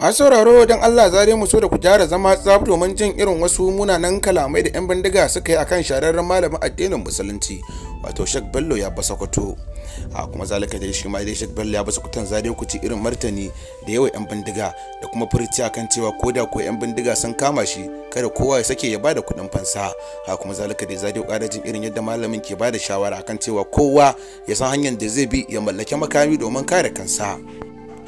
masu sauraro don Allah zare mu so da ku gyara zama tsaf domin jin irin wasu munanan kalamai da 'yan bindiga suka yi a kan shararren malamin addinin musulunci wato Sheikh Bello ya basa kwato a kuma zalika da shi ma dai shek Bello ya basa kwatan zare ku ci irin martani da yawa 'yan bindiga da kuma furci akan cewa ko da ko 'yan bindiga sun kama shi kada kowa ya sake ya bada kuɗin fansa a kuma zalika dai zare ƙara jin irin yadda malamin ke bada shawara akan cewa kowa ya san hanyar da zai bi ya mallaki makami domin kare kansa.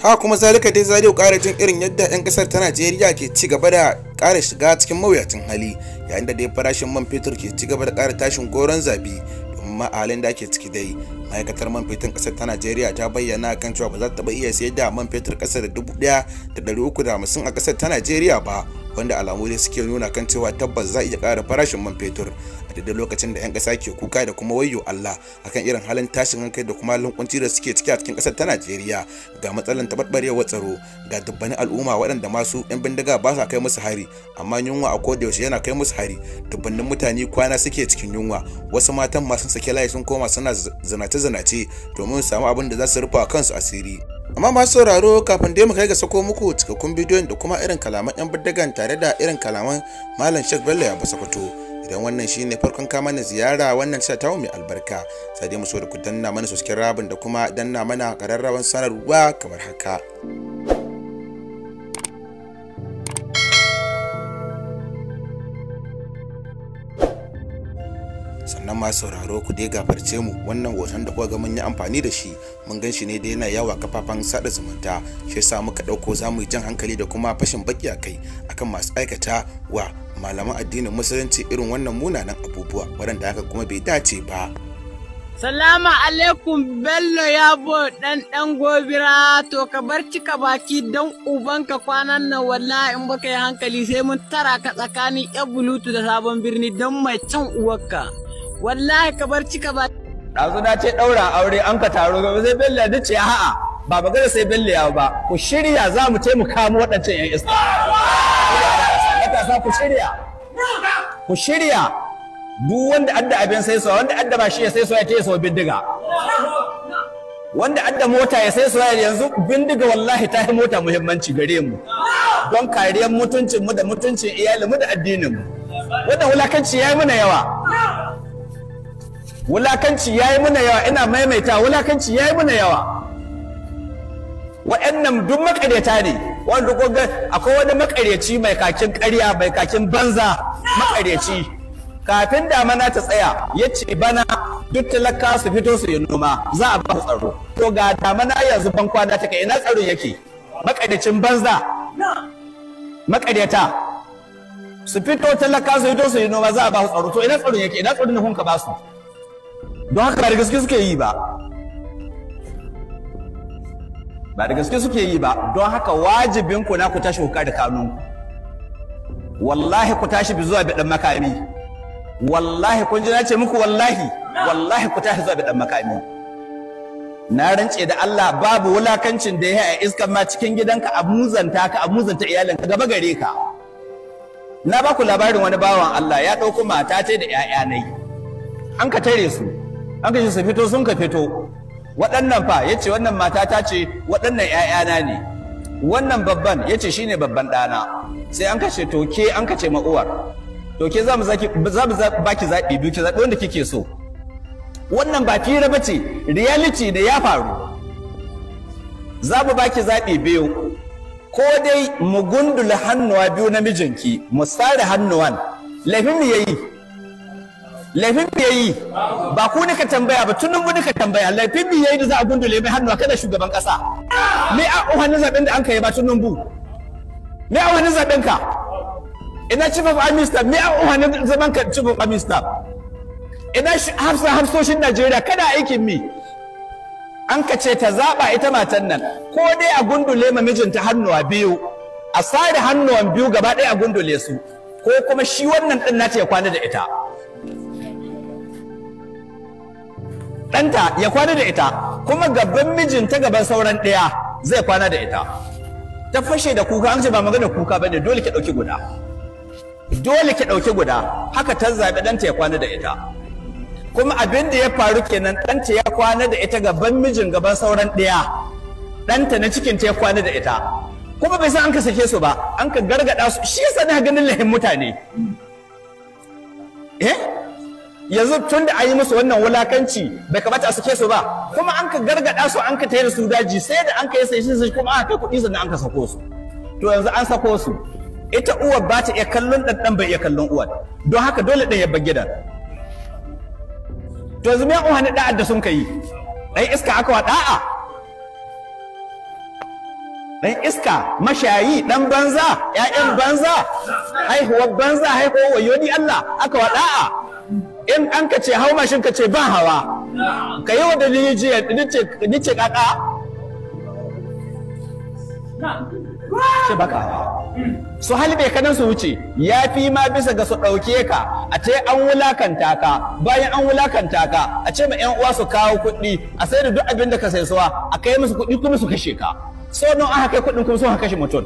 ha kuma zalika dai zariyo ƙara jin irin yadda 'yan kasar ta najeriya ke ci gaba da ƙara shiga cikin mawuyacin hali yayin da dai farashin man fetur ke ci gaba da ƙara tashin goron zabi domin ma halin da ake ciki dai ma'aikatar man fetur ƙasar ta najeriya ta bayyana kan cewa ba za ta taɓa iya sayar da man fetur ƙasar da dubu ɗaya da ɗari uku da hamsin a ƙasar ta najeriya ba wanda alamu dai suke nuna kan cewa tabbas za a iya kara farashin man fetur a daidai lokacin da 'yan kasa ke kuka da kuma wayo Allah akan irin halin tashin hankali da kuma lunkunci da suke ciki a cikin ƙasar ta Najeriya ga matsalan taɓarɓarewar tsaro ga dubbanin al'umma waɗanda masu 'yan bindiga ba sa kai musu hari amma yunwa a koda yaushe yana kai musu hari dubbanin mutane kwana suke cikin yunwa wasu matan masu sake layi sun koma suna zinace-zinace domin su samu abin da za su rufa kansu asiri. amma masu sauraro kafin dai mu kai ga sako muku cikakkun bidiyon da kuma irin kalaman yan buddagan tare da irin kalaman malam Sheikh Bello ya basa fito idan wannan ne farkon kama na ziyara wannan sa tawo mai albarka sai mu so da ku danna mana subscribe da kuma danna mana kararrawan sanarwa kamar haka sannan ma sauraro ku dai gafarce mu wannan hoton da kuka ga mun yi amfani da shi mun gan shi ne da yana yawa kafafan sada zumunta shi yasa muka ɗauko za mu yi jan hankali da kuma fashin baki a kai akan masu aikata wa malaman addinin musulunci irin wannan munanan abubuwa waɗanda haka kuma bai dace ba. Salama alaikum Bello Yabo dan ɗan gobira to ka bar cika baki don ubanka kwanan nan wallahi in baka yi hankali sai mun tara ka tsakanin ya bulutu da sabon birni dan mai can uwarka. wallahi ka bar cika ba ɗazu na ce ɗaura aure an ka taro ga sai bella da ce a'a ba ba magana sai bella ya ba ku shirya za mu ce mu waɗancan yan iska sa ku shirya ku shirya duk wanda adda abin sai so wanda adda ba shi ya sai so ya taya so bindiga wanda adda mota ya sai ya yanzu bindiga wallahi ta yi mota muhimmanci gare mu don kariyar mu da mutuncin mu da addininmu wannan wulakanci ya yi mana yawa wulakanci ya yi muna yawa ina maimaita wulakanci ya yi muna yawa wa'annan duk makareta ne wanda kogar akwai wani makareci mai kakin karya mai kakin banza makareci kafin damana ta tsaya ya ce bana duk talaka su fito su yi noma za a ba su tsaro to ga damana yanzu ban kwana ta kai ina tsaro yake makarecin banza makareta su fito talaka su fito su yi noma za a ba su tsaro to ina tsaro yake ina tsaro na kun ka ba su don haka ba da gaske suke yi ba ba da gaske suke yi ba don haka wajibin ku na ku tashi hukar da kanun wallahi ku tashi bi zuwa bidan makami wallahi kun ji na ce muku wallahi wallahi ku tashi zuwa bidan makami na rance da Allah babu wulakancin da ya a iskan ma cikin gidanka a muzanta ka a muzanta iyalinka gaba gare ka na ba ku labarin wani bawan Allah ya ɗauko mata ta da 'ya'ya nai an ka tare su an ka su fito sun ka fito waɗannan fa ya ce wannan mata ta ce waɗannan 'ya'yana ne wannan babban ya ce shi ne babban ɗana sai an kashe toke an kace ma uwar toke za mu baki zaɓi biyu ki zaɓi wanda kike so wannan ba fira ba ce reality da ya faru za mu baki zaɓi biyu ko dai mu gundula hannuwa biyu na mijinki mu sare hannuwan laifin mu yayi laifin me yi ba ku nika tambaya ba tun mu nika tambaya laifin me yayi da za a gundule mai hannu kada shugaban kasa me a wani zaben da an kai ba tun bu me a wani zaben ka ina chief of army staff me a wani zaben ka chief of army staff ina hafsa hafsoshin Najeriya Kada aikin mi an ka ce ta zaba ita matan nan ko dai a gundule ma mijinta hannuwa biyu a sare hannuwan biyu gaba ɗaya a gundule su ko kuma shi wannan din nace ya kwana da ita ɗanta ya kwana da ita kuma gaban mijinta gaban sauran ɗaya zai kwana da ita ta fashe da kuka an ce ba magana kuka ba ne dole ki ɗauki guda dole ki ɗauki guda haka ta zaɓi ɗanta ya kwana da ita kuma abin da ya faru kenan ɗanta ya kwana da ita gaban mijin gaban sauran ɗaya ɗanta na cikin ta ya kwana da ita kuma bai san an ka sake su ba an ka gargaɗa su shi yasa na ganin lahin mutane eh yanzu tun da an yi musu wannan wulakanci bai kamata a suke su ba kuma an ka gargada su an ka tayar da su daji sai da an ka yi sai shi kuma aka kai kuɗi sannan an ka sako su to yanzu an sako su ita uwar ba ta iya kallon ɗan ɗan bai iya kallon uwar don haka dole ɗan ya bar gidan to yanzu miyan uhani da'ar da sun ka yi ɗan iska aka wa da'a ɗan iska mashayi ɗan banza ƴaƴan banza haihuwar banza haihuwar ni Allah aka wa da'a in an ka ce hau mashin ka ce ba hawa ka yi wadda ni jiya ni ce kaka ce baka hawa su halbe ka nan su wuce ya fi ma bisa ga su ɗauke ka a ce an wulakanta ka bayan an wulakanta ka a ce ma yan uwa su kawo kuɗi a sai da duk abin da ka sai suwa a kai musu kuɗi kuma su kashe ka so nan an haka kuɗin kuma su haka kashe mutum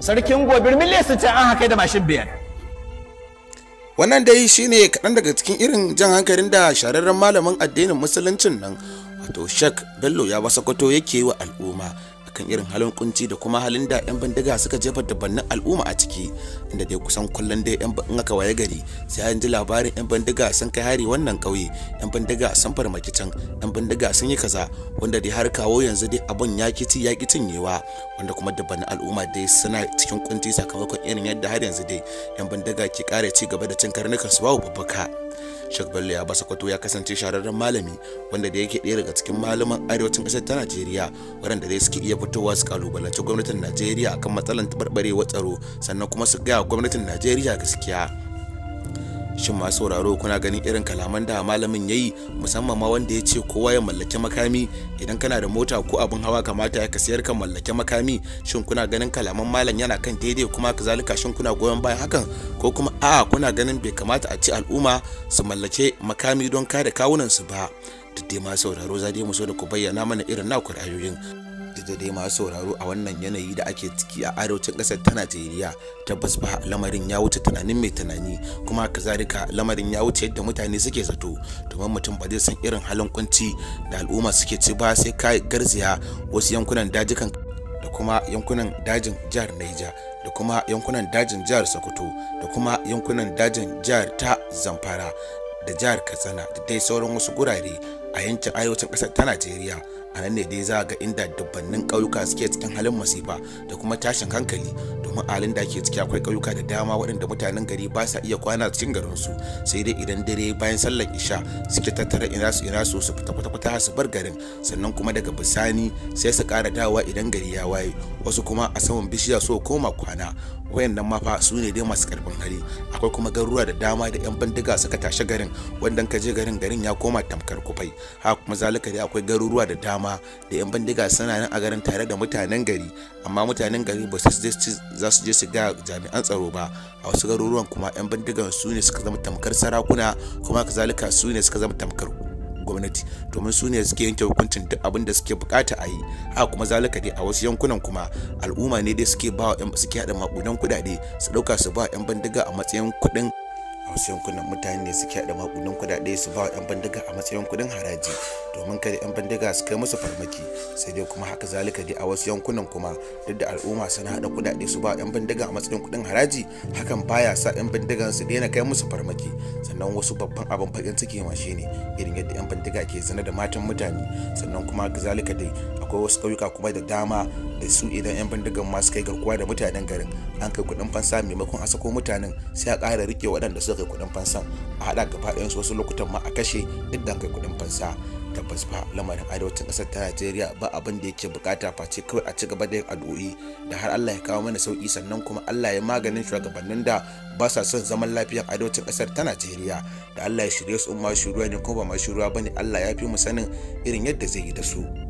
sarkin gobir miliyan su ce an haka da mashin biyar wannan dai shine kaɗan daga cikin irin jan hankalin da shahararren malamin addinin musuluncin nan wato shek bello ya ba sokoto yake wa al'umma kan irin halin kunci da kuma halin da 'yan bindiga suka jefa dabannin al'umma a ciki inda dai kusan kullum dai 'yan in aka waye gari sai an ji labarin 'yan bindiga sun kai hari wannan ƙauye 'yan bindiga sun farmaki can 'yan bindiga sun yi kaza wanda dai har kawo yanzu dai abun ya kici ya ki cinyewa wanda kuma dabannin al'umma dai suna cikin kunci sakamakon irin yadda har yanzu dai 'yan bindiga ke kare ci gaba da cin karnukan su babu babbaka. Sheikh Bello ya basa kwato ya kasance shahararren malami wanda da yake ɗaya daga cikin malaman arewacin ƙasar ta Najeriya waɗanda dai suke iya fitowa su kalubalanci gwamnatin Najeriya akan matsalar taɓarɓarewar tsaro sannan kuma su gaya gwamnatin Najeriya gaskiya. shin masu sauraro kuna ganin irin kalaman da malamin ya yi musamman ma wanda ya ce kowa ya mallaki makami idan kana da mota ko abin hawa kamata ya ka sayar ka mallaki makami shin kuna ganin kalaman malam yana kan daidai kuma kazalika shin kuna goyon bayan hakan ko kuma a kuna ganin bai kamata a ci al'umma su mallake makami don kare kawunan su ba duk dai sauraro za mu so da ku bayyana mana irin naku ra'ayoyin da dai masu sauraro a wannan yanayi da ake ciki a arewacin ƙasar ta najeriya tabbas ba lamarin ya wuce tunanin mai tunani kuma kazalika lamarin ya wuce yadda mutane suke zato domin mutum ba zai san irin halin kunci da al'umma suke ci ba sai kai garziya wasu yankunan dajikan da kuma yankunan dajin jihar Niger da kuma yankunan dajin jihar Sokoto da kuma yankunan dajin jihar ta Zamfara da jihar Katsina da dai sauran wasu gurare a yankin arewacin ƙasar ta Najeriya. a nan ne dai za ga inda dubbannin kauyuka suke cikin halin masifa da kuma tashin hankali domin a halin da ake ciki akwai kauyuka da dama waɗanda mutanen gari ba sa iya kwana cikin garin su sai dai idan dare bayan sallar isha suke tattara ina su ina su su fita kwata-kwata su bar garin sannan kuma daga bisani sai su kara dawa idan gari ya waye wasu kuma a saman bishiya so koma kwana wayannan mafa su ne dai masu karfin hali akwai kuma garuruwa da dama da yan bindiga suka tashi garin wanda ka je garin garin ya koma tamkar kufai ha kuma zalika dai akwai garuruwa da dama da yan bindiga suna nan a garin tare da mutanen gari amma mutanen gari ba su za su je su ga jami'an tsaro ba a wasu garuruwan kuma yan bindigan su ne suka zama tamkar sarakuna kuma kazalika su ne suka zama tamkar gwamnati domin su ne suke yanke hukuncin duk abin da suke bukata a yi a kuma zalika dai a wasu yankunan kuma al'umma ne dai suke ba suke hada makudan kudade su dauka su ba 'yan bandiga a matsayin kudin. a wasu yankunan mutane ne suke haɗa maƙudan kudade su ba 'yan bandiga a matsayin kuɗin haraji domin kada 'yan bandiga su kai musu farmaki sai dai kuma haka zalika dai a wasu yankunan kuma duk da al'umma suna haɗa kudade su ba 'yan bandiga a matsayin kuɗin haraji hakan baya sa 'yan bandigan su daina kai musu farmaki sannan wasu babban abin fagen ciki ma shine irin yadda 'yan bandiga ke zana da matan mutane sannan kuma haka zalika dai akwai wasu ƙauyuka kuma da dama da su idan 'yan bandigan masu kai garkuwa da mutanen garin an kai kuɗin fansa maimakon a sako mutanen sai a ƙara rike waɗanda su kai kuɗin fansa a haɗa gaba su wasu lokutan ma a kashe idan kai kuɗin fansa tabbas ba lamarin arewacin kasar ta najeriya ba abin da yake bukata face kawai a ci gaba da yin addu'o'i da har allah ya kawo mana sauki sannan kuma allah ya maganin shugabannin da ba sa son zaman lafiyar arewacin kasar ta najeriya da allah ya shirya su in ma shuruwa ne ko ba ma shuruwa ba ne allah ya fi mu sanin irin yadda zai yi da su.